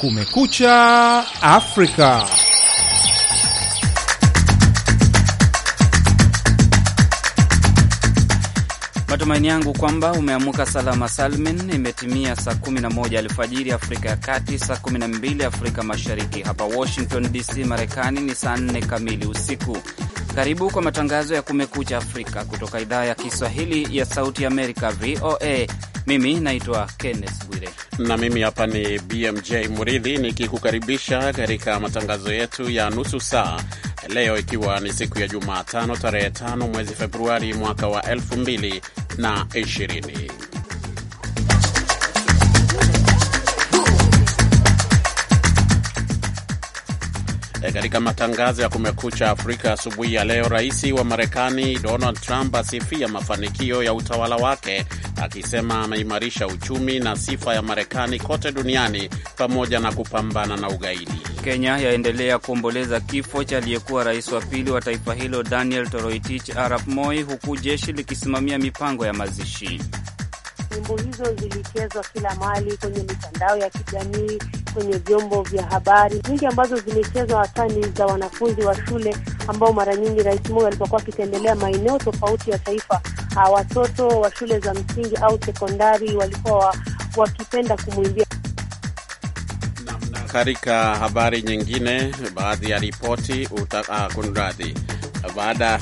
Kumekucha Afrika. Matumaini yangu kwamba umeamuka salama salmin. Imetimia saa 11 alfajiri Afrika ya Kati, saa 12 Afrika Mashariki. Hapa Washington DC, Marekani ni saa 4 kamili usiku. Karibu kwa matangazo ya Kumekucha Afrika kutoka idhaa ya Kiswahili ya Sauti Amerika, VOA mimi naitwa Kenneth Bwire na mimi hapa ni BMJ Muridhi nikikukaribisha katika matangazo yetu ya nusu saa leo, ikiwa ni siku ya Jumatano tarehe 5 mwezi Februari mwaka wa 2020. Eh, katika matangazo ya Kumekucha Afrika asubuhi ya leo, rais wa Marekani Donald Trump asifia mafanikio ya utawala wake akisema ameimarisha uchumi na sifa ya Marekani kote duniani pamoja na kupambana na ugaidi. Kenya yaendelea kuomboleza kifo cha aliyekuwa rais wa pili wa taifa hilo Daniel Toroitich arap Moi, huku jeshi likisimamia mipango ya mazishi. Nyimbo hizo zilichezwa kila mahali kwenye mitandao ya kijamii kwenye vyombo vya habari. Nyingi ambazo zimechezwa hasa ni za wanafunzi wa shule ambao mara nyingi Rais Moi alipokuwa akitembelea maeneo tofauti ya taifa, ah, watoto wa shule za msingi au sekondari walikuwa wakipenda kumwimbia. Katika habari nyingine, baadhi ya ripoti uta, ah, kunradhi, baada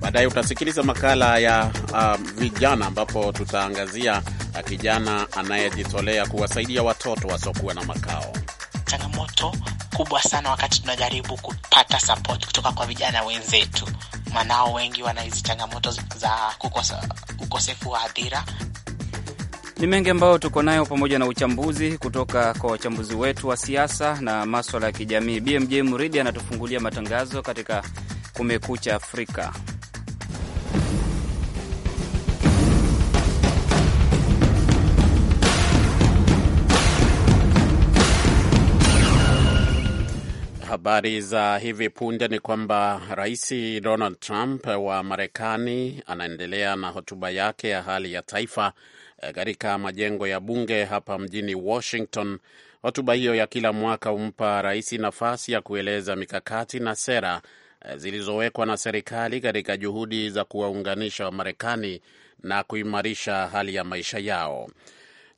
Baadaye utasikiliza makala ya uh, vijana ambapo tutaangazia uh, kijana anayejitolea kuwasaidia watoto wasiokuwa na makao. Changamoto kubwa sana wakati tunajaribu kupata sapoti kutoka kwa vijana wenzetu, manao wengi wana hizi changamoto za kukosa, ukosefu wa adhira. Ni mengi ambayo tuko nayo, pamoja na uchambuzi kutoka kwa wachambuzi wetu wa siasa na maswala ya kijamii. BMJ Muridi anatufungulia matangazo katika Kumekucha Afrika. Habari za hivi punde ni kwamba Rais Donald Trump wa Marekani anaendelea na hotuba yake ya hali ya taifa e, katika majengo ya bunge hapa mjini Washington. Hotuba hiyo ya kila mwaka humpa rais nafasi ya kueleza mikakati na sera e, zilizowekwa na serikali katika juhudi za kuwaunganisha Wamarekani na kuimarisha hali ya maisha yao.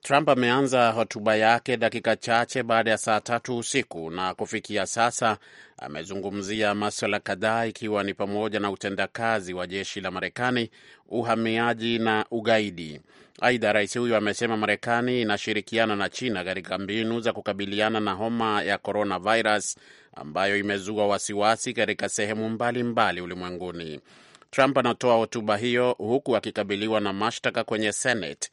Trump ameanza hotuba yake dakika chache baada ya saa tatu usiku na kufikia sasa amezungumzia maswala kadhaa ikiwa ni pamoja na utendakazi wa jeshi la Marekani, uhamiaji na ugaidi. Aidha, rais huyo amesema Marekani inashirikiana na China katika mbinu za kukabiliana na homa ya coronavirus ambayo imezua wasiwasi katika sehemu mbalimbali ulimwenguni. Trump anatoa hotuba hiyo huku akikabiliwa na mashtaka kwenye Senate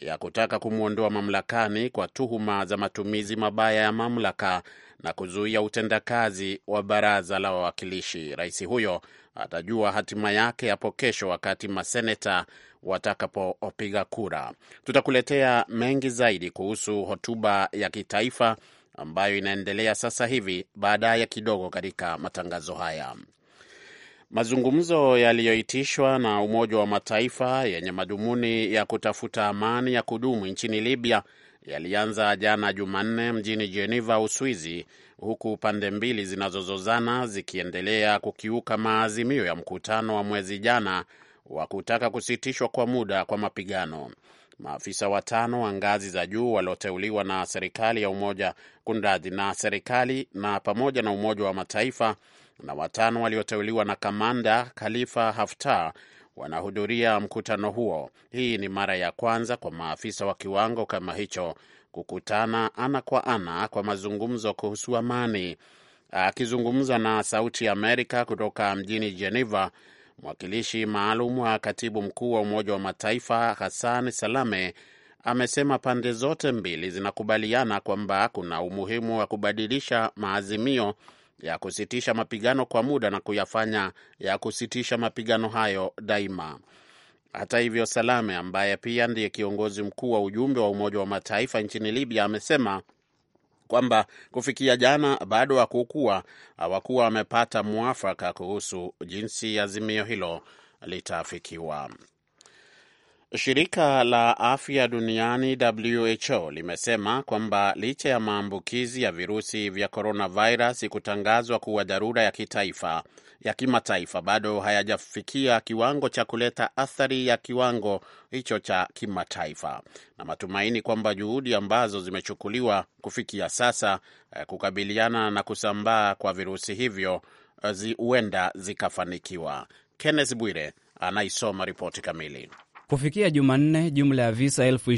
ya kutaka kumwondoa mamlakani kwa tuhuma za matumizi mabaya ya mamlaka na kuzuia utendakazi wa baraza la wawakilishi. Rais huyo atajua hatima yake hapo kesho wakati maseneta watakapopiga kura. Tutakuletea mengi zaidi kuhusu hotuba ya kitaifa ambayo inaendelea sasa hivi baadaye kidogo katika matangazo haya. Mazungumzo yaliyoitishwa na Umoja wa Mataifa yenye madhumuni ya kutafuta amani ya kudumu nchini Libya yalianza jana Jumanne mjini Geneva, Uswizi, huku pande mbili zinazozozana zikiendelea kukiuka maazimio ya mkutano wa mwezi jana wa kutaka kusitishwa kwa muda kwa mapigano. Maafisa watano wa ngazi za juu walioteuliwa na serikali ya umoja kundadhi na serikali na pamoja na Umoja wa Mataifa na watano walioteuliwa na kamanda Khalifa Haftar wanahudhuria mkutano huo. Hii ni mara ya kwanza kwa maafisa wa kiwango kama hicho kukutana ana kwa ana kwa mazungumzo kuhusu amani. Akizungumza na Sauti ya Amerika kutoka mjini Geneva, mwakilishi maalum wa katibu mkuu wa Umoja wa Mataifa Hassan Salame amesema pande zote mbili zinakubaliana kwamba kuna umuhimu wa kubadilisha maazimio ya kusitisha mapigano kwa muda na kuyafanya ya kusitisha mapigano hayo daima. Hata hivyo, Salame ambaye pia ndiye kiongozi mkuu wa ujumbe wa Umoja wa Mataifa nchini Libya amesema kwamba kufikia jana bado hakukuwa hawakuwa wamepata mwafaka kuhusu jinsi azimio hilo litaafikiwa. Shirika la afya duniani WHO limesema kwamba licha ya maambukizi ya virusi vya coronavirus kutangazwa kuwa dharura ya kitaifa ya kimataifa, bado hayajafikia kiwango cha kuleta athari ya kiwango hicho cha kimataifa, na matumaini kwamba juhudi ambazo zimechukuliwa kufikia sasa eh, kukabiliana na kusambaa kwa virusi hivyo eh, huenda zikafanikiwa. Kenneth Bwire anaisoma ripoti kamili. Kufikia Jumanne, jumla ya visa elfu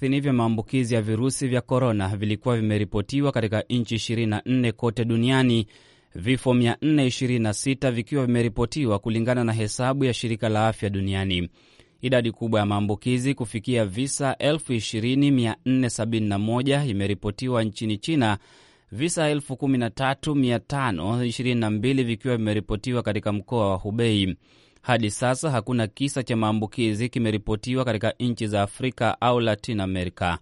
vya maambukizi ya virusi vya korona vilikuwa vimeripotiwa katika nchi 24 kote duniani, vifo 426 vikiwa vimeripotiwa kulingana na hesabu ya shirika la afya duniani. Idadi kubwa ya maambukizi kufikia visa elfu imeripotiwa nchini China, visa 13522 vikiwa vimeripotiwa katika mkoa wa Hubei. Hadi sasa hakuna kisa cha maambukizi kimeripotiwa katika nchi za Afrika au Latin America.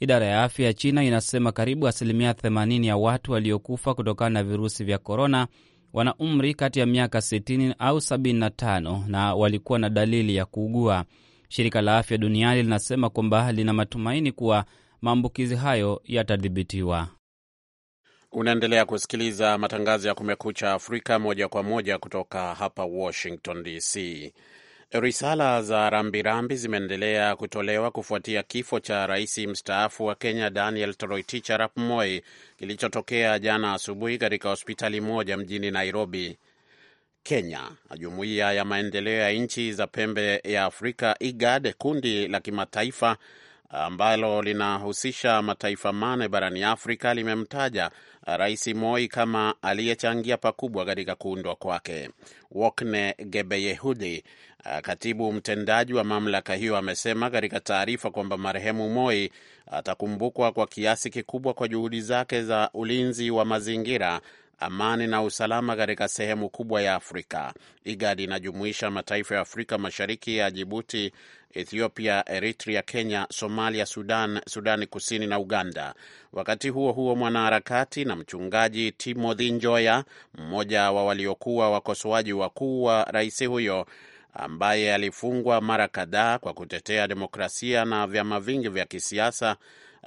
Idara ya afya ya China inasema karibu asilimia 80 ya watu waliokufa kutokana na virusi vya korona wana umri kati ya miaka 60 au 75 na walikuwa na dalili ya kuugua. Shirika la afya duniani linasema kwamba lina matumaini kuwa maambukizi hayo yatadhibitiwa. Unaendelea kusikiliza matangazo ya Kumekucha Afrika moja kwa moja kutoka hapa Washington DC. Risala za rambirambi zimeendelea kutolewa kufuatia kifo cha rais mstaafu wa Kenya Daniel Toroitich arap Moi kilichotokea jana asubuhi katika hospitali moja mjini Nairobi, Kenya. Jumuiya ya maendeleo ya nchi za pembe ya Afrika IGAD, kundi la kimataifa ambalo linahusisha mataifa mane barani Afrika limemtaja Rais Moi kama aliyechangia pakubwa katika kuundwa kwake. Wokne Gebeyehudi, eh, katibu mtendaji wa mamlaka hiyo, amesema katika taarifa kwamba marehemu Moi atakumbukwa kwa kiasi kikubwa kwa juhudi zake za ulinzi wa mazingira amani na usalama katika sehemu kubwa ya Afrika. IGAD inajumuisha mataifa ya Afrika Mashariki ya Jibuti, Ethiopia, Eritrea, Kenya, Somalia, Sudan, Sudani Kusini na Uganda. Wakati huo huo, mwanaharakati na mchungaji Timothy Njoya, mmoja wa waliokuwa wakosoaji wakuu wa rais huyo ambaye alifungwa mara kadhaa kwa kutetea demokrasia na vyama vingi vya kisiasa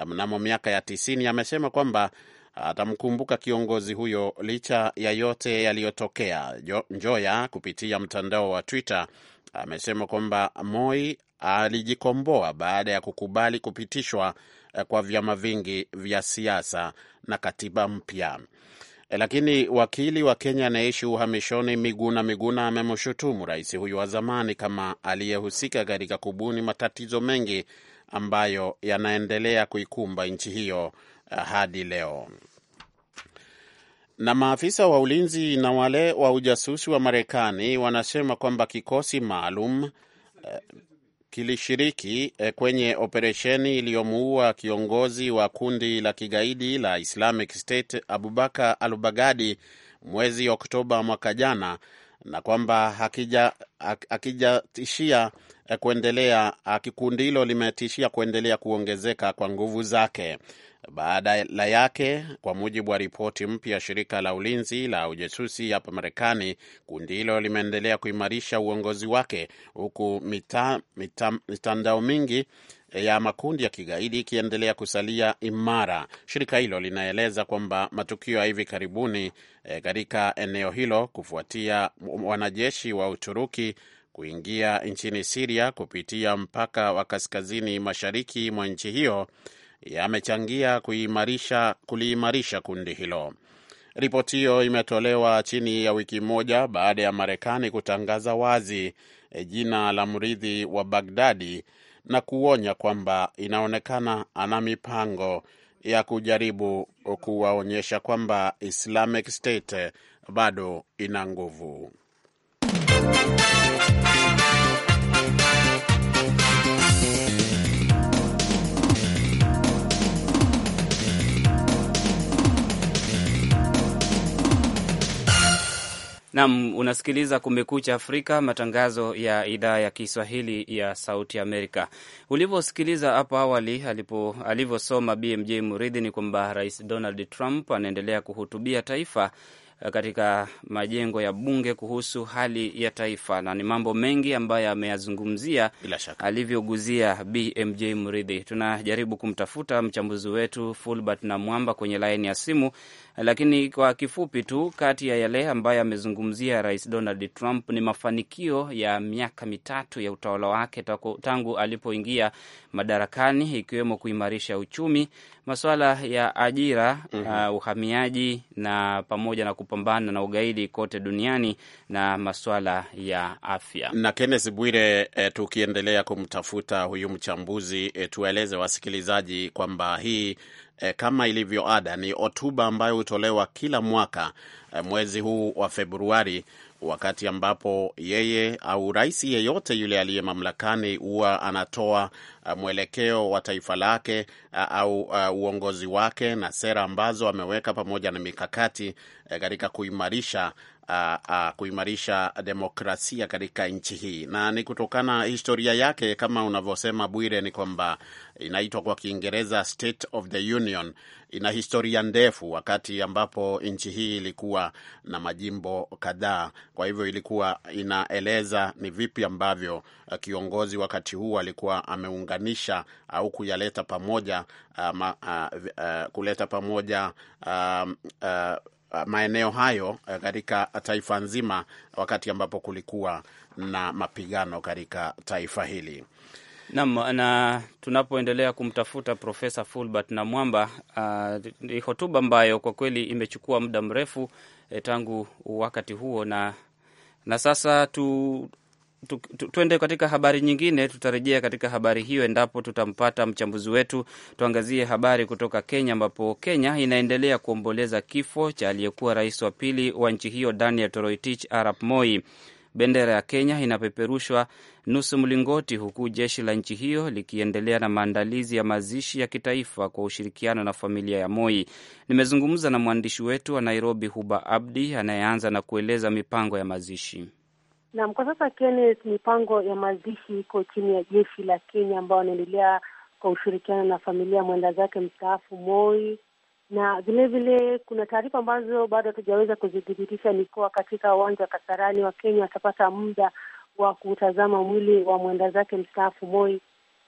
mnamo miaka ya tisini, amesema kwamba atamkumbuka kiongozi huyo licha ya yote yaliyotokea. Njoya kupitia mtandao wa Twitter amesema kwamba Moi alijikomboa baada ya kukubali kupitishwa eh, kwa vyama vingi vya siasa na katiba mpya. Eh, lakini wakili wa Kenya anayeishi uhamishoni Miguna Miguna amemshutumu rais huyu wa zamani kama aliyehusika katika kubuni matatizo mengi ambayo yanaendelea kuikumba nchi hiyo Eh, hadi leo. Na maafisa wa ulinzi na wale wa ujasusi wa Marekani wanasema kwamba kikosi maalum eh, kilishiriki eh, kwenye operesheni iliyomuua kiongozi wa kundi la kigaidi la Islamic State Abubakar al-Baghdadi mwezi Oktoba mwaka jana na kwamba hakijatishia hakija eh, kuendelea, ah, kikundi hilo limetishia kuendelea kuongezeka kwa nguvu zake. Badala yake, kwa mujibu wa ripoti mpya ya shirika la ulinzi la ujasusi hapa Marekani, kundi hilo limeendelea kuimarisha uongozi wake huku mitandao mingi ya makundi ya kigaidi ikiendelea kusalia imara. Shirika hilo linaeleza kwamba matukio ya hivi karibuni e, katika eneo hilo kufuatia wanajeshi wa Uturuki kuingia nchini Siria kupitia mpaka wa kaskazini mashariki mwa nchi hiyo yamechangia kuimarisha kuliimarisha kundi hilo. Ripoti hiyo imetolewa chini ya wiki moja baada ya Marekani kutangaza wazi e, jina la mrithi wa Bagdadi na kuonya kwamba inaonekana ana mipango ya kujaribu kuwaonyesha kwamba Islamic State bado ina nguvu. Nam, unasikiliza Kumekucha Afrika, matangazo ya idhaa ya Kiswahili ya Sauti Amerika. Ulivyosikiliza hapo awali alivyosoma BMJ Muridhi, ni kwamba Rais Donald Trump anaendelea kuhutubia taifa Eh, katika majengo ya bunge kuhusu hali ya taifa, na ni mambo mengi ambayo ameyazungumzia, alivyoguzia BMJ Mridhi. Tunajaribu kumtafuta mchambuzi wetu Fulbert na Mwamba kwenye laini ya simu, lakini kwa kifupi tu, kati ya yale ambayo amezungumzia Rais Donald Trump ni mafanikio ya miaka mitatu ya utawala wake tangu alipoingia madarakani, ikiwemo kuimarisha uchumi, masuala ya ajira mm -hmm. uh, uhamiaji na pamoja na kupambana na ugaidi kote duniani na masuala ya afya. Na Kenneth Bwire, eh, tukiendelea kumtafuta huyu mchambuzi eh, tueleze wasikilizaji kwamba hii eh, kama ilivyo ada ni hotuba ambayo hutolewa kila mwaka eh, mwezi huu wa Februari wakati ambapo yeye au rais yeyote yule aliye mamlakani huwa anatoa uh, mwelekeo wa taifa lake uh, au uh, uongozi wake na sera ambazo ameweka pamoja na mikakati katika kuimarisha uh, uh, kuimarisha demokrasia katika nchi hii, na ni kutokana historia yake kama unavyosema Bwire, ni kwamba inaitwa kwa Kiingereza State of the Union. Ina historia ndefu, wakati ambapo nchi hii ilikuwa na majimbo kadhaa. Kwa hivyo ilikuwa inaeleza ni vipi ambavyo kiongozi wakati huu alikuwa ameunganisha au kuyaleta pamoja ama, a, a, kuleta pamoja a, a, Uh, maeneo hayo uh, katika taifa nzima, wakati ambapo kulikuwa na mapigano katika taifa hili. Naam, na tunapoendelea kumtafuta Profesa Fulbert na Mwamba, uh, ni uh, hotuba ambayo kwa kweli imechukua muda mrefu eh, tangu wakati huo na na sasa tu tu, tu, tuende katika habari nyingine. Tutarejea katika habari hiyo endapo tutampata mchambuzi wetu. Tuangazie habari kutoka Kenya, ambapo Kenya inaendelea kuomboleza kifo cha aliyekuwa rais wa pili wa nchi hiyo Daniel Toroitich arap Moi. Bendera ya Kenya inapeperushwa nusu mlingoti, huku jeshi la nchi hiyo likiendelea na maandalizi ya mazishi ya kitaifa kwa ushirikiano na familia ya Moi. Nimezungumza na mwandishi wetu wa Nairobi, Huba Abdi, anayeanza na kueleza mipango ya mazishi. Naam, kwa sasa Kenneth, mipango ya mazishi iko chini ya jeshi la Kenya ambao wanaendelea kwa ushirikiano na familia mwenda zake mstaafu Moi, na vilevile kuna taarifa ambazo bado hatujaweza kuzithibitisha ni kuwa katika uwanja wa Kasarani wa Kenya watapata muda wa kutazama mwili wa mwenda zake mstaafu Moi,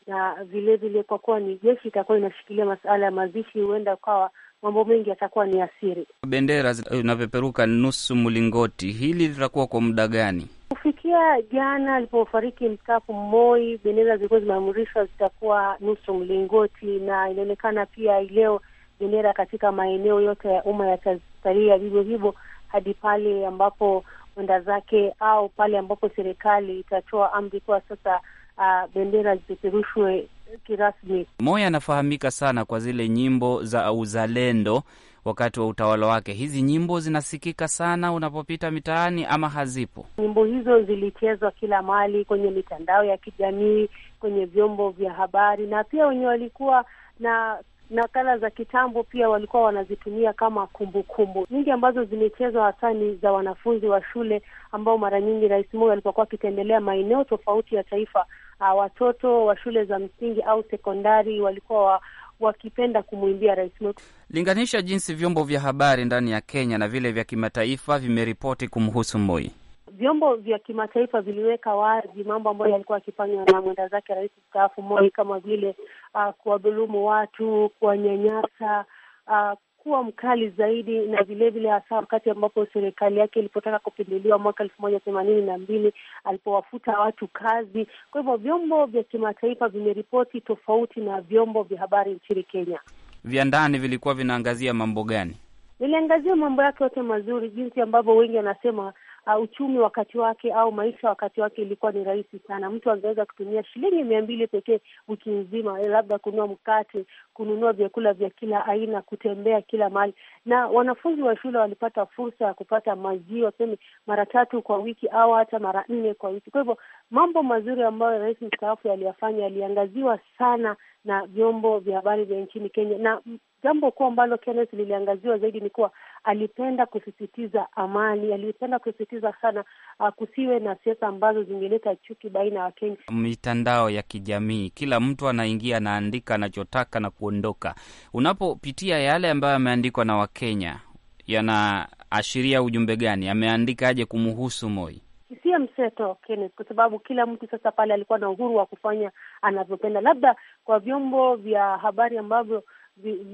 na vilevile kwa kuwa ni jeshi itakuwa inashikilia masuala ya mazishi, huenda ukawa mambo mengi yatakuwa ni asiri. Bendera inavyoperuka nusu mlingoti, hili litakuwa kwa muda gani? kufikia jana alipofariki mstaafu Moi, bendera zilikuwa zimeamrishwa zitakuwa nusu mlingoti, na inaonekana pia leo bendera katika maeneo yote ya umma yatasalia vivyo hivyo hadi pale ambapo kwenda zake au pale ambapo serikali itatoa amri kuwa sasa, uh, bendera zipeperushwe kirasmi. Moya anafahamika sana kwa zile nyimbo za uzalendo wakati wa utawala wake. Hizi nyimbo zinasikika sana unapopita mitaani ama hazipo? Nyimbo hizo zilichezwa kila mahali, kwenye mitandao ya kijamii, kwenye vyombo vya habari, na pia wenye walikuwa na nakala za kitambo pia walikuwa wanazitumia kama kumbukumbu. Nyingi ambazo zimechezwa hasa ni za wanafunzi wa shule ambao mara nyingi Rais Moi alipokuwa akitembelea maeneo tofauti ya taifa uh, watoto wa shule za msingi au sekondari walikuwa wa, wakipenda kumwimbia rais wetu. Linganisha jinsi vyombo vya habari ndani ya Kenya na vile vya kimataifa vimeripoti kumhusu Moi. Vyombo vya kimataifa viliweka wazi mambo ambayo yalikuwa akifanywa na mwenda zake rais mstaafu Moi, kama vile uh, kuwadhulumu watu, kuwanyanyasa, uh, umekuwa mkali zaidi, na vilevile hasa wakati ambapo serikali yake ilipotaka kupinduliwa mwaka elfu moja themanini na mbili alipowafuta watu kazi. Kwa hivyo vyombo vya kimataifa vimeripoti tofauti na vyombo vya habari nchini Kenya. Vya ndani vilikuwa vinaangazia mambo gani? Viliangazia mambo yake yote mazuri, jinsi ambavyo wengi wanasema uh, uchumi wakati wake au maisha wakati wake ilikuwa ni rahisi sana. Mtu angeweza kutumia shilingi mia mbili pekee wiki nzima, eh, labda kununua mkate, kununua vyakula vya kila aina, kutembea kila mahali. Na wanafunzi wa shule walipata fursa ya kupata maziwa seme mara tatu kwa wiki au hata mara nne kwa wiki. Kwa hivyo mambo mazuri ambayo rais mstaafu aliyafanya yaliangaziwa sana na vyombo vya habari vya nchini Kenya na Jambo kuu ambalo Kenneth liliangaziwa zaidi ni kuwa alipenda kusisitiza amani, alipenda kusisitiza sana uh, kusiwe na siasa ambazo zingeleta chuki baina ya Wakenya. Mitandao ya kijamii, kila mtu anaingia, anaandika anachotaka na kuondoka. Unapopitia yale ambayo yameandikwa na Wakenya, yanaashiria ujumbe gani? Ameandikaje kumuhusu Moi? Hisia mseto Kenneth, kwa sababu kila mtu sasa pale alikuwa na uhuru wa kufanya anavyopenda. Labda kwa vyombo vya habari ambavyo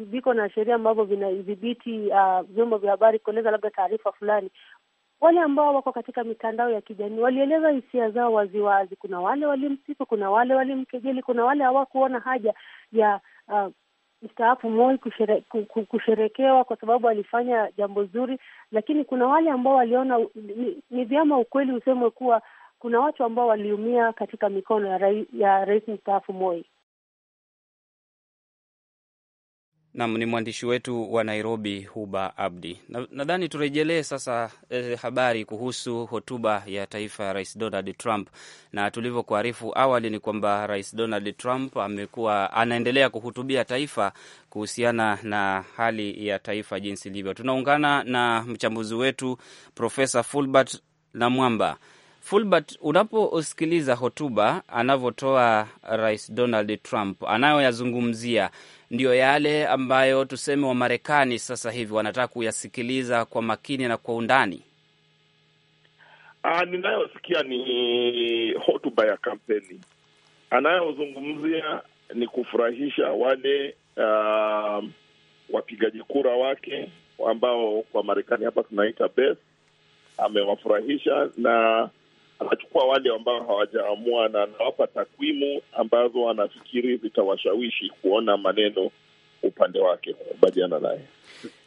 viko na sheria ambavyo vinadhibiti uh, vyombo uh, vya habari kueleza labda taarifa fulani. Wale ambao wako katika mitandao ya kijamii walieleza hisia zao waziwazi. Kuna wale walimsifu, kuna wale walimkejeli, kuna wale hawakuona haja ya uh, mstaafu Moi kushere, kusherekewa kwa sababu alifanya jambo zuri, lakini kuna wale ambao waliona ni, vyama ukweli usemwe kuwa kuna watu ambao waliumia katika mikono ya, ya rais mstaafu Moi. Nam ni mwandishi wetu wa Nairobi, Huba Abdi. Nadhani na turejelee sasa eh, habari kuhusu hotuba ya taifa ya Rais Donald Trump, na tulivyokuarifu awali ni kwamba Rais Donald Trump amekuwa anaendelea kuhutubia taifa kuhusiana na hali ya taifa jinsi ilivyo. Tunaungana na mchambuzi wetu Profesa Fulbert Namwamba. Fulbert, unaposikiliza hotuba anavyotoa Rais Donald Trump, anayoyazungumzia ndiyo yale ambayo tuseme Wamarekani sasa hivi wanataka kuyasikiliza kwa makini na kwa undani. Ah, ninayosikia ni hotuba ya kampeni, anayozungumzia ni kufurahisha wale uh, wapigaji kura wake ambao kwa Marekani hapa tunaita base. Amewafurahisha na wanachukua wale ambao hawajaamua na anawapa takwimu ambazo wanafikiri zitawashawishi kuona maneno upande wake kukubaliana naye.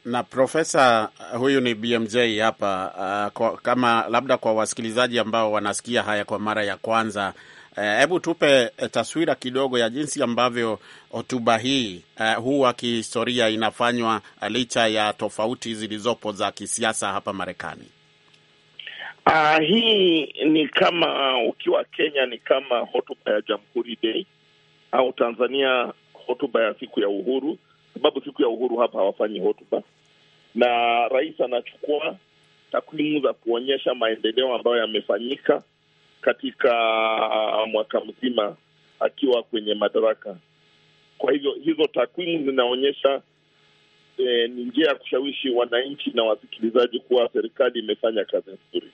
Na profesa huyu ni BMJ hapa. Uh, kwa, kama labda kwa wasikilizaji ambao wanasikia haya kwa mara ya kwanza, uh, hebu uh, tupe taswira kidogo ya jinsi ambavyo hotuba hii uh, huwa kihistoria inafanywa uh, licha ya tofauti zilizopo za kisiasa hapa Marekani. Uh, hii ni kama ukiwa Kenya ni kama hotuba ya Jamhuri Day au Tanzania hotuba ya siku ya uhuru, sababu siku ya uhuru hapa hawafanyi hotuba, na rais anachukua takwimu za kuonyesha maendeleo ambayo yamefanyika katika mwaka mzima akiwa kwenye madaraka. Kwa hivyo hizo takwimu zinaonyesha eh, ni njia ya kushawishi wananchi na wasikilizaji kuwa serikali imefanya kazi nzuri.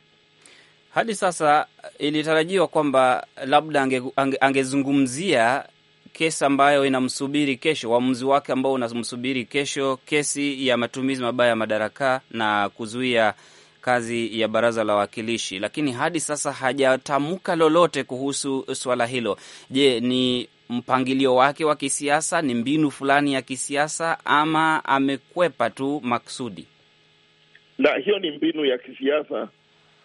Hadi sasa eh, ilitarajiwa kwamba labda ange, ange, angezungumzia kesi ambayo inamsubiri kesho, uamuzi wake ambao unamsubiri kesho, kesi ya matumizi mabaya ya madaraka na kuzuia kazi ya baraza la wawakilishi, lakini hadi sasa hajatamka lolote kuhusu swala hilo. Je, ni mpangilio wake wa kisiasa? Ni mbinu fulani ya kisiasa, ama amekwepa tu maksudi? Na hiyo ni mbinu ya kisiasa,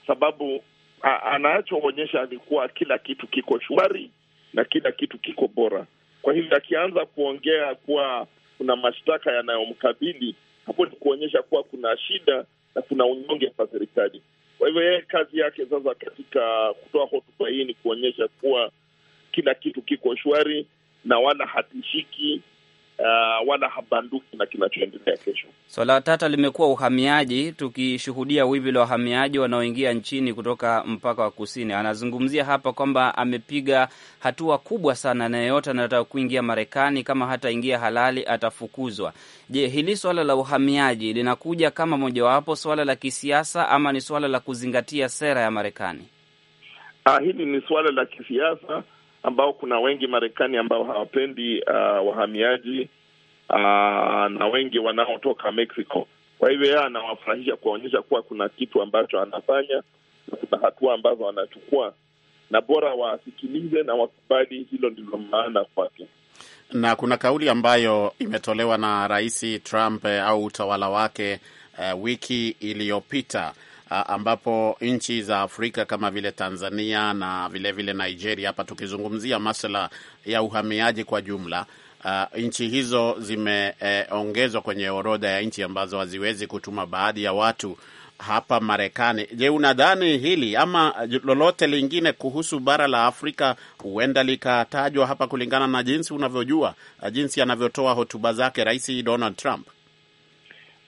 sababu anachoonyesha ni kuwa kila kitu kiko shwari na kila kitu kiko bora. Kwa hivyo akianza kuongea kuwa kuna mashtaka yanayomkabili, hapo ni kuonyesha kuwa kuna shida na kuna unyonge kwa serikali. Kwa hivyo yeye kazi yake sasa katika kutoa hotuba hii ni kuonyesha kuwa kila kitu kiko shwari na wala hatishiki uh, wala habanduki na kinachoendelea kesho. Swala so, tata limekuwa uhamiaji, tukishuhudia wimbi la wahamiaji wanaoingia nchini kutoka mpaka wa kusini. Anazungumzia hapa kwamba amepiga hatua kubwa sana, na yeyote anataka kuingia Marekani, kama hataingia halali atafukuzwa. Je, hili swala la uhamiaji linakuja kama mojawapo swala la kisiasa ama ni swala la kuzingatia sera ya Marekani? Ah, hili ni swala la kisiasa ambao kuna wengi Marekani ambao hawapendi uh, wahamiaji uh, na wengi wanaotoka Mexico. Kwa hivyo yeye anawafurahisha kuwaonyesha kuwa kuna kitu ambacho anafanya na kuna hatua ambazo anachukua, na bora wasikilize na wakubali. Hilo ndilo maana kwake na kuna kauli ambayo imetolewa na Rais Trump eh, au utawala wake uh, wiki iliyopita Ah, ambapo nchi za Afrika kama vile Tanzania na vilevile vile Nigeria, hapa tukizungumzia masuala ya uhamiaji kwa jumla Uh, nchi hizo zimeongezwa eh, kwenye orodha ya nchi ambazo haziwezi kutuma baadhi ya watu hapa Marekani. Je, unadhani hili ama lolote lingine kuhusu bara la Afrika huenda likatajwa hapa kulingana na jinsi unavyojua, jinsi anavyotoa hotuba zake Rais Donald Trump?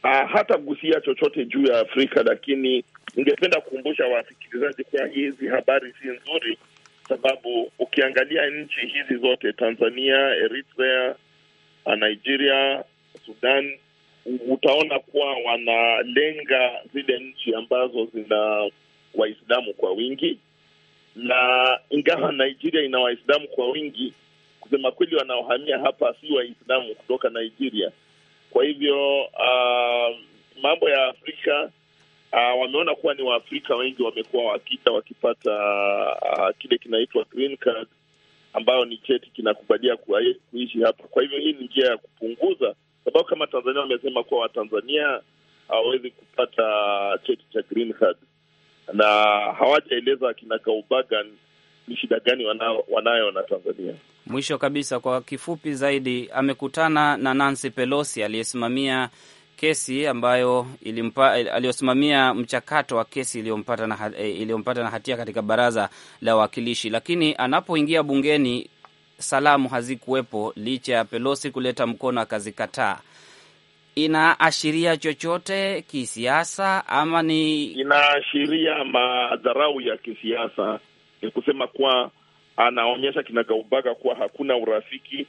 uh, gusia chochote juu ya Afrika, lakini ningependa kukumbusha wasikilizaji kuwa hizi habari si nzuri, sababu ukiangalia nchi hizi zote Tanzania, Eritrea, ah, Nigeria, Sudan, utaona kuwa wanalenga zile nchi ambazo zina Waislamu kwa wingi, na ingawa Nigeria ina Waislamu kwa wingi, kusema kweli, wanaohamia hapa si Waislamu kutoka Nigeria kwa hivyo uh, mambo ya Afrika uh, wameona kuwa ni Waafrika wengi wamekuwa wakita wakipata uh, kile kinaitwa green card ambayo ni cheti kinakubalia kuishi hapa. Kwa hivyo hii ni njia ya kupunguza, sababu kama Tanzania wamesema kuwa Watanzania hawawezi kupata cheti cha green card na hawajaeleza akina ni shida gani wanayo na Tanzania. Mwisho kabisa, kwa kifupi zaidi, amekutana na Nancy Pelosi aliyesimamia kesi ambayo ilimpa, aliyosimamia mchakato wa kesi iliyompata na, e, iliyompata na hatia katika baraza la wawakilishi, lakini anapoingia bungeni salamu hazikuwepo licha ya Pelosi kuleta mkono akazikataa. Inaashiria chochote kisiasa ama ni inaashiria madharau ya kisiasa ni kusema kuwa anaonyesha kinagaubaga kuwa hakuna urafiki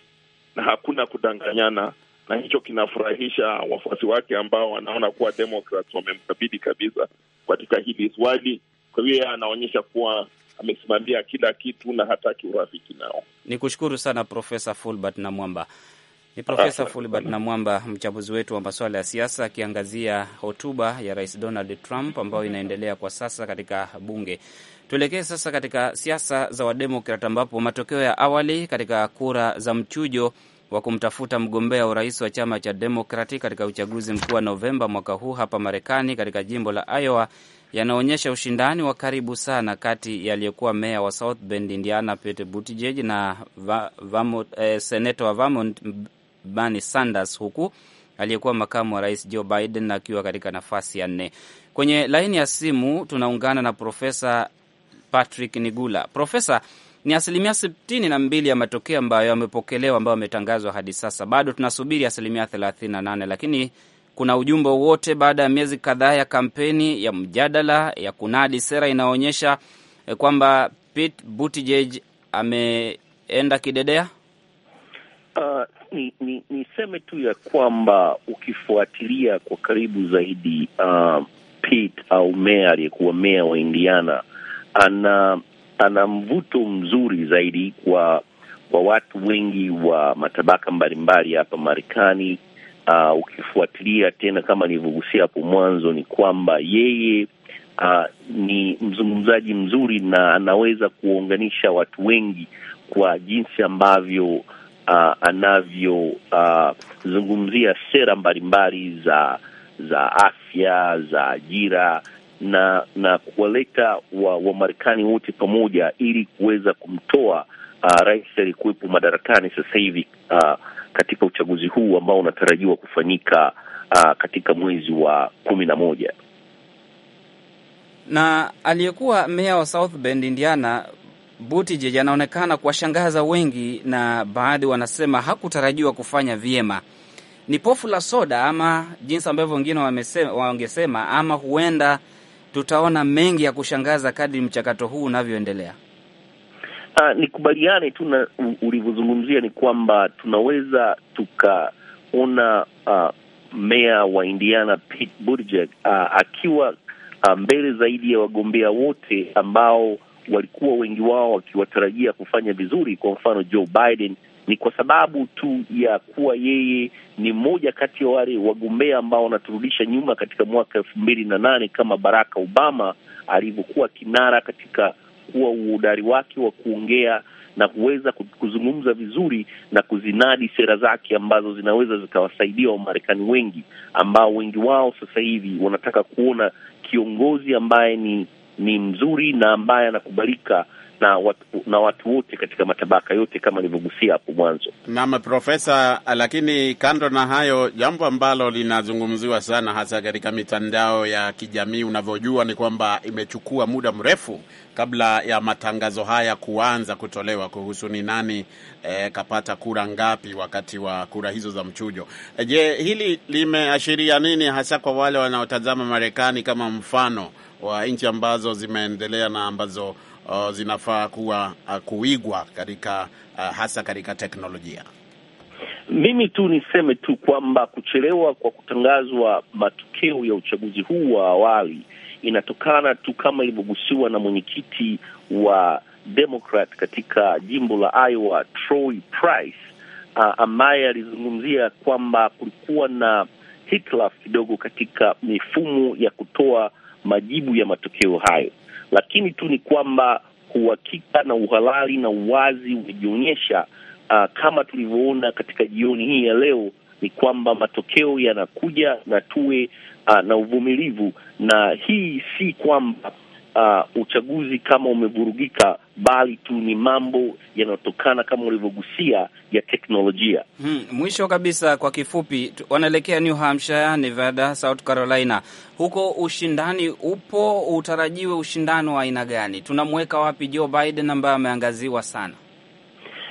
na hakuna kudanganyana, na hicho kinafurahisha wafuasi wake ambao wanaona kuwa demokrat wamemkabidi kabisa katika hili swali. Kwa hiyo anaonyesha kuwa amesimamia kila kitu na hataki urafiki nao. Ni kushukuru sana Profesa Fulbert na Mwamba. Ni Profesa Fulbert na Mwamba, mchambuzi wetu wa masuala ya siasa, akiangazia hotuba ya Rais Donald Trump ambayo mm-hmm. inaendelea kwa sasa katika bunge. Tuelekee sasa katika siasa za Wademokrat ambapo matokeo ya awali katika kura za mchujo wa kumtafuta mgombea urais wa chama cha Demokrati katika uchaguzi mkuu wa Novemba mwaka huu hapa Marekani katika jimbo la Iowa yanaonyesha ushindani wa karibu sana kati ya aliyekuwa meya wa South Bend, Indiana, Pete Buttigieg na va, vamo, eh, seneta wa Vermont Bernie Sanders, huku aliyekuwa makamu wa rais Joe Biden akiwa katika nafasi ya nne. Kwenye laini ya simu tunaungana na Profesa Patrick Nigula. Profesa, ni asilimia sitini na mbili ya matokeo ambayo yamepokelewa ambayo yametangazwa hadi sasa. Bado tunasubiri asilimia thelathini na nane, lakini kuna ujumbe wowote baada ya miezi kadhaa ya kampeni ya mjadala ya kunadi sera inaonyesha eh, kwamba Pete Buttigieg ameenda kidedea? Uh, niseme ni, ni tu ya kwamba ukifuatilia kwa karibu zaidi uh, Pete au meya aliyekuwa meya wa Indiana ana ana mvuto mzuri zaidi kwa kwa watu wengi wa matabaka mbalimbali hapa Marekani. Uh, ukifuatilia tena kama nilivyogusia hapo mwanzo, ni kwamba yeye uh, ni mzungumzaji mzuri na anaweza kuwaunganisha watu wengi kwa jinsi ambavyo uh, ah, anavyozungumzia uh, sera mbalimbali za za afya, za ajira na na kuwaleta Wamarekani wa wote pamoja ili kuweza kumtoa uh, rais aliyekuwepo madarakani sasa hivi uh, katika uchaguzi huu ambao unatarajiwa kufanyika uh, katika mwezi wa kumi na moja. Na aliyekuwa meya wa South Bend, Indiana Buttigieg anaonekana kuwashangaza wengi, na baadhi wanasema hakutarajiwa kufanya vyema. Ni pofu la soda ama jinsi ambavyo wengine wangesema, ama huenda tutaona mengi ya kushangaza kadri mchakato huu unavyoendelea. Ah, nikubaliane tu na ulivyozungumzia, ni kwamba tunaweza tukaona uh, meya wa Indiana Pete Buttigieg uh, akiwa uh, mbele zaidi ya wagombea wote ambao walikuwa wengi wao wakiwatarajia kufanya vizuri. Kwa mfano Joe Biden ni kwa sababu tu ya kuwa yeye ni mmoja kati ya wale wagombea ambao wanaturudisha nyuma katika mwaka elfu mbili na nane kama Barack Obama alivyokuwa kinara katika kuwa uhodari wake wa kuongea na kuweza kuzungumza vizuri na kuzinadi sera zake ambazo zinaweza zikawasaidia Wamarekani wengi ambao wengi wao sasa hivi wanataka kuona kiongozi ambaye ni ni mzuri na ambaye anakubalika na watu, na watu wote katika matabaka yote kama nilivyogusia hapo mwanzo. Naam, Profesa, lakini kando na hayo, jambo ambalo linazungumziwa sana hasa katika mitandao ya kijamii unavyojua, ni kwamba imechukua muda mrefu kabla ya matangazo haya kuanza kutolewa kuhusu ni nani e, kapata kura ngapi wakati wa kura hizo za mchujo. Eh, je, hili limeashiria nini hasa kwa wale wanaotazama Marekani kama mfano wa nchi ambazo zimeendelea na ambazo uh, zinafaa kuwa uh, kuigwa katika uh, hasa katika teknolojia? Mimi tu niseme tu kwamba kuchelewa kwa kutangazwa matokeo ya uchaguzi huu wa awali inatokana tu kama ilivyogusiwa na mwenyekiti wa Democrat katika jimbo la Iowa Troy Price, uh, ambaye alizungumzia kwamba kulikuwa na hitilafu kidogo katika mifumo ya kutoa majibu ya matokeo hayo lakini tu ni kwamba uhakika na uhalali na uwazi umejionyesha. Uh, kama tulivyoona katika jioni hii ya leo ni kwamba matokeo yanakuja na tuwe uh, na uvumilivu, na hii si kwamba uh, uchaguzi kama umevurugika bali tu ni mambo yanayotokana kama ulivyogusia ya teknolojia. Hmm, mwisho kabisa kwa kifupi, wanaelekea New Hampshire, Nevada, South Carolina. Huko ushindani upo, utarajiwe ushindani wa aina gani? Tunamweka wapi Joe Biden ambaye ameangaziwa sana?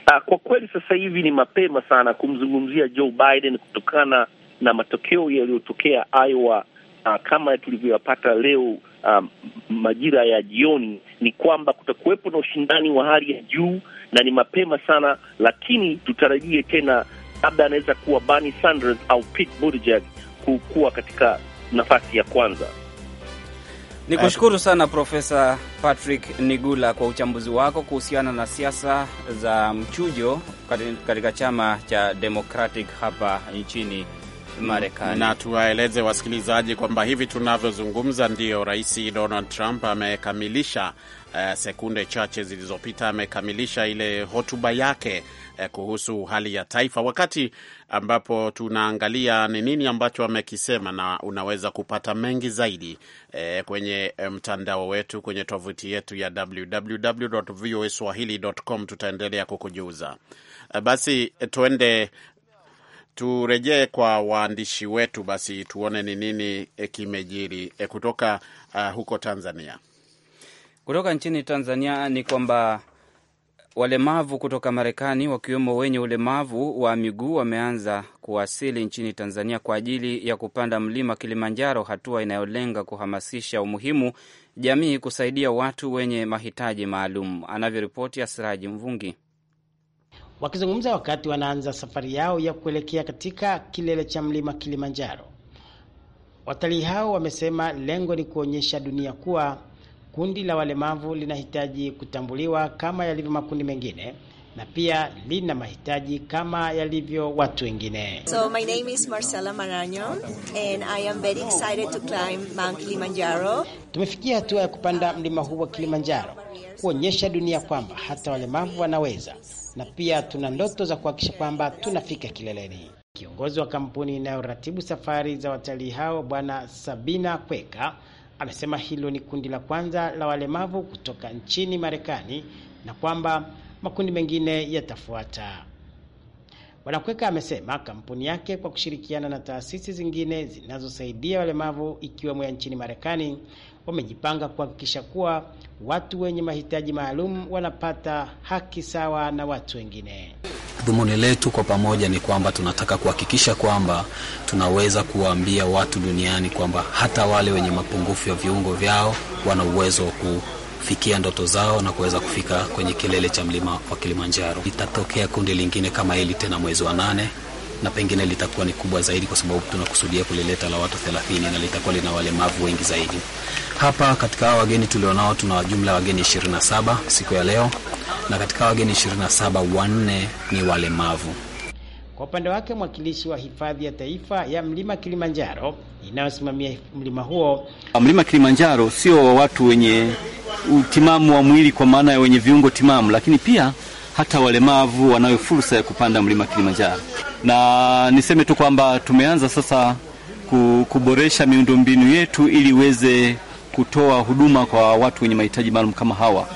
Ah, kwa kweli sasa hivi ni mapema sana kumzungumzia Joe Biden kutokana na matokeo yaliyotokea Iowa uh, kama tulivyoyapata leo um, majira ya jioni, ni kwamba kutakuwepo na ushindani wa hali ya juu na ni mapema sana, lakini tutarajie tena, labda anaweza kuwa Bernie Sanders au Pete Buttigieg kuwa katika nafasi ya kwanza. Ni kushukuru sana Profesa Patrick Nigula kwa uchambuzi wako kuhusiana na siasa za mchujo katika chama cha Democratic hapa nchini Marekani. Na tuwaeleze wasikilizaji kwamba hivi tunavyozungumza ndiyo Rais Donald Trump amekamilisha Uh, sekunde chache zilizopita amekamilisha ile hotuba yake uh, kuhusu hali ya taifa, wakati ambapo tunaangalia ni nini ambacho amekisema, na unaweza kupata mengi zaidi uh, kwenye mtandao wetu, kwenye tovuti yetu ya www.voaswahili.com. Tutaendelea kukujuza uh, basi tuende turejee kwa waandishi wetu basi, tuone ni nini eh, kimejiri e, kutoka uh, huko Tanzania. Kutoka nchini Tanzania ni kwamba walemavu kutoka Marekani wakiwemo wenye ulemavu wa miguu wameanza kuwasili nchini Tanzania kwa ajili ya kupanda mlima Kilimanjaro, hatua inayolenga kuhamasisha umuhimu jamii kusaidia watu wenye mahitaji maalum, anavyoripoti Asiraji Mvungi wakizungumza wakati wanaanza safari yao ya kuelekea katika kilele cha mlima Kilimanjaro. Watalii hao wamesema lengo ni kuonyesha dunia kuwa kundi la walemavu linahitaji kutambuliwa kama yalivyo makundi mengine na pia lina mahitaji kama yalivyo watu wengine. So my name is Marcela Maranyo and I am very excited to climb Mount Kilimanjaro. Tumefikia hatua ya kupanda mlima huu wa Kilimanjaro kuonyesha dunia kwamba hata walemavu wanaweza, na pia tuna ndoto za kuhakikisha kwamba tunafika kileleni. Kiongozi wa kampuni inayoratibu safari za watalii hao Bwana Sabina Kweka amesema hilo ni kundi la kwanza la walemavu kutoka nchini Marekani na kwamba makundi mengine yatafuata. Wanakweka amesema kampuni yake kwa kushirikiana na taasisi zingine zinazosaidia walemavu ikiwemo ya nchini Marekani wamejipanga kuhakikisha kuwa watu wenye mahitaji maalum wanapata haki sawa na watu wengine. Dhumuni letu kwa pamoja ni kwamba tunataka kuhakikisha kwamba tunaweza kuwaambia watu duniani kwamba hata wale wenye mapungufu ya viungo vyao wana uwezo wa kufikia ndoto zao na kuweza kufika kwenye kilele cha mlima wa Kilimanjaro. Litatokea kundi lingine kama hili tena mwezi wa nane na pengine litakuwa ni kubwa zaidi kwa sababu tunakusudia kulileta la watu 30 na litakuwa lina walemavu wengi zaidi. Hapa katika hao wageni tulionao tuna jumla wageni 27 siku ya leo, na katika wageni 27 wanne ni walemavu. Kwa upande wake mwakilishi wa hifadhi ya taifa ya mlima Kilimanjaro inayosimamia mlima huo, mlima Kilimanjaro sio wa watu wenye utimamu wa mwili kwa maana ya wenye viungo timamu, lakini pia hata walemavu wanayo fursa ya kupanda mlima Kilimanjaro. Na niseme tu kwamba tumeanza sasa kuboresha miundombinu yetu ili iweze kutoa huduma kwa watu wenye mahitaji maalum kama hawa.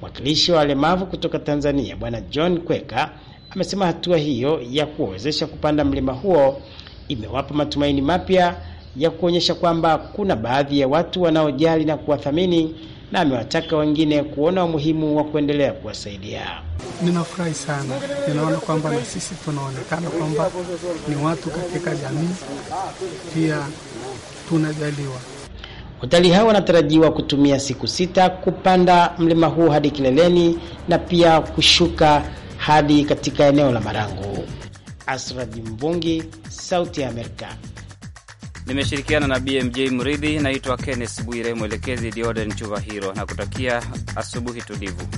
Mwakilishi wa walemavu kutoka Tanzania Bwana John Kweka amesema hatua hiyo ya kuwawezesha kupanda mlima huo imewapa matumaini mapya ya kuonyesha kwamba kuna baadhi ya watu wanaojali na kuwathamini, na amewataka wengine kuona umuhimu wa kuendelea kuwasaidia. Ninafurahi sana, ninaona kwamba na sisi tunaonekana kwamba ni watu katika jamii, pia tunajaliwa. Watalii hao wanatarajiwa kutumia siku sita kupanda mlima huu hadi kileleni na pia kushuka hadi katika eneo la Marangu. Asradi Mvungi, Sauti ya Amerika. Nimeshirikiana na BMJ Mridhi. Naitwa kennes Bwire, mwelekezi Dioden Chuvahiro na kutakia asubuhi tulivu.